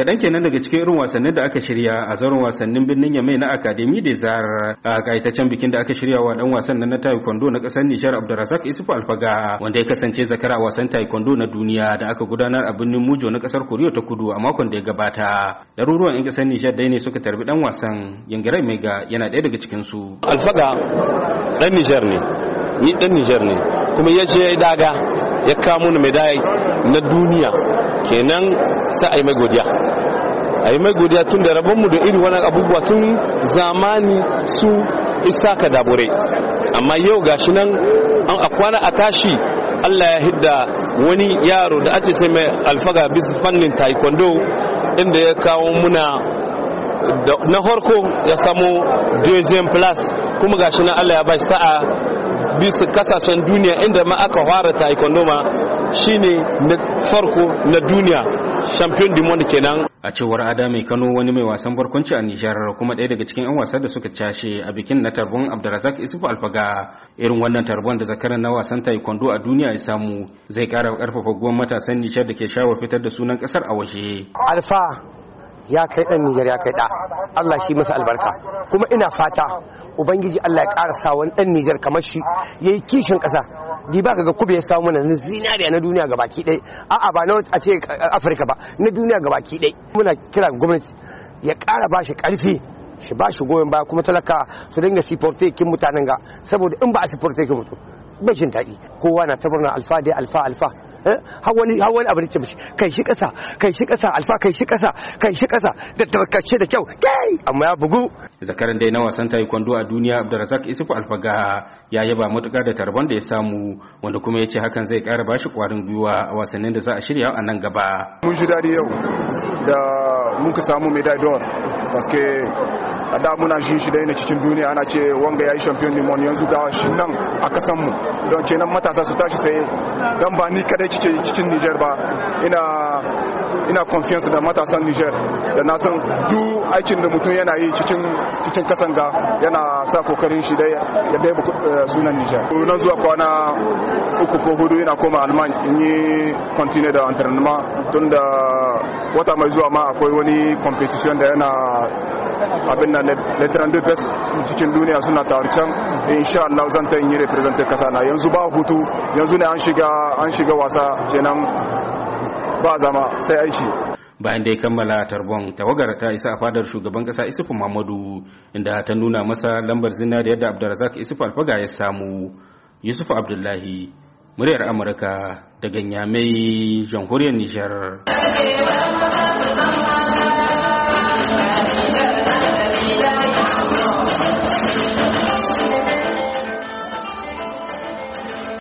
kaɗan kenan daga cikin irin wasannin da aka shirya a zaron wasannin birnin yamai na akademi da zarar a kayataccen bikin da aka shirya wa dan wasan na taekwondo na ƙasar nishar abdulrazak isufu alfaga wanda ya kasance zakara wasan taekwondo na duniya da aka gudanar a birnin mujo na kasar koriya ta kudu a makon da ya gabata ɗaruruwan 'yan ƙasar nishar dai ne suka tarbi dan wasan yangirai mega yana ɗaya daga cikinsu alfaga ɗan nishar ne ni ɗan nishar ne kuma ya ce ya daga ya kamo na medaya na duniya kenan sa a yi mai godiya a yi mai godiya tun da rabonmu da iri wani abubuwa tun zamani su isa ka dabure amma yau gashi nan an akwana a tashi allah ya hidda wani yaro da ake sai mai alfaga bis fannin taekwondo inda ya kawo muna na horko ya samu deuxième plus kuma gashi nan allah ya bai sa'a bisa kasashen duniya inda ma aka fara taekwondo ma shine na farko na duniya champion du monde kenan a cewar mai kano wani mai wasan barkwanci a nijar kuma ɗaya daga cikin 'yan wasa da suka cashe a bikin na tarbon abdulrazak isufu alfaga irin wannan tarbon da zakaran na wasan taekwondo a duniya ya samu zai ƙara ƙarfafa goma matasan nijar da ke shawar fitar da sunan ƙasar a waje alfa ya kai ɗan Nijar ya kai ɗa Allah shi masa albarka kuma ina fata ubangiji Allah ya ƙara sa wani dan Nijar kamar shi yayi kishin ƙasa di ba ga kube ya samu mana zinariya na duniya ga baki ɗaya a'a ba na a ce Afirka ba na duniya ga baki ɗaya muna kira gwamnati ya ƙara ba shi ƙarfi shi ba shi goyon baya kuma talaka su dinga siporte kin mutanen ga saboda in ba a siporte kin mutum bai jin daɗi kowa na ta murna alfa dai alfa alfa Eh? har wani har wani kai shi kasa kai shi kasa alfa kai shi kasa kai shi kasa da tarkace da kyau kai amma ya bugu zakaran dai na wasan taekwondo a duniya Abdulrazak Isufu Alfaga ya yaba matuƙa da tarban da ya samu wanda kuma ya ce hakan zai ƙara bashi ƙwarin gwiwa a wasannin da za a shirya a nan gaba mun ji yau da muka samu medal d'or paske a da muna shi shi dai ne cikin duniya ana ce wanga ya champion ne mon yanzu ga shi nan a kasan mu don nan matasa su tashi sai dan ba ni kadai kike cikin Niger ba ina ina confiance da matasan Niger da na san duk aikin da mutum yana yi cikin cikin kasan ga yana sa kokarin shi da ya bai eh, sunan Niger nan zuwa kwana uku ko hudu ina koma Alman in yi continue da entrainement tun da wata mai zuwa ma akwai wani competition da yana abin nan letteran de best cikin duniya suna taru can insha Allah zan ta yi representative kasa na yanzu ba hutu yanzu ne an shiga an shiga wasa kenan ba zama sai shi. bayan da ya kammala tarbon tawagar ta isa a fadar shugaban kasa isufu muhammadu inda ta nuna masa lambar zinariya da abdulrazak isufu alfaga ya samu yusuf abdullahi muryar amurka daga nyamai jamhuriyar nijar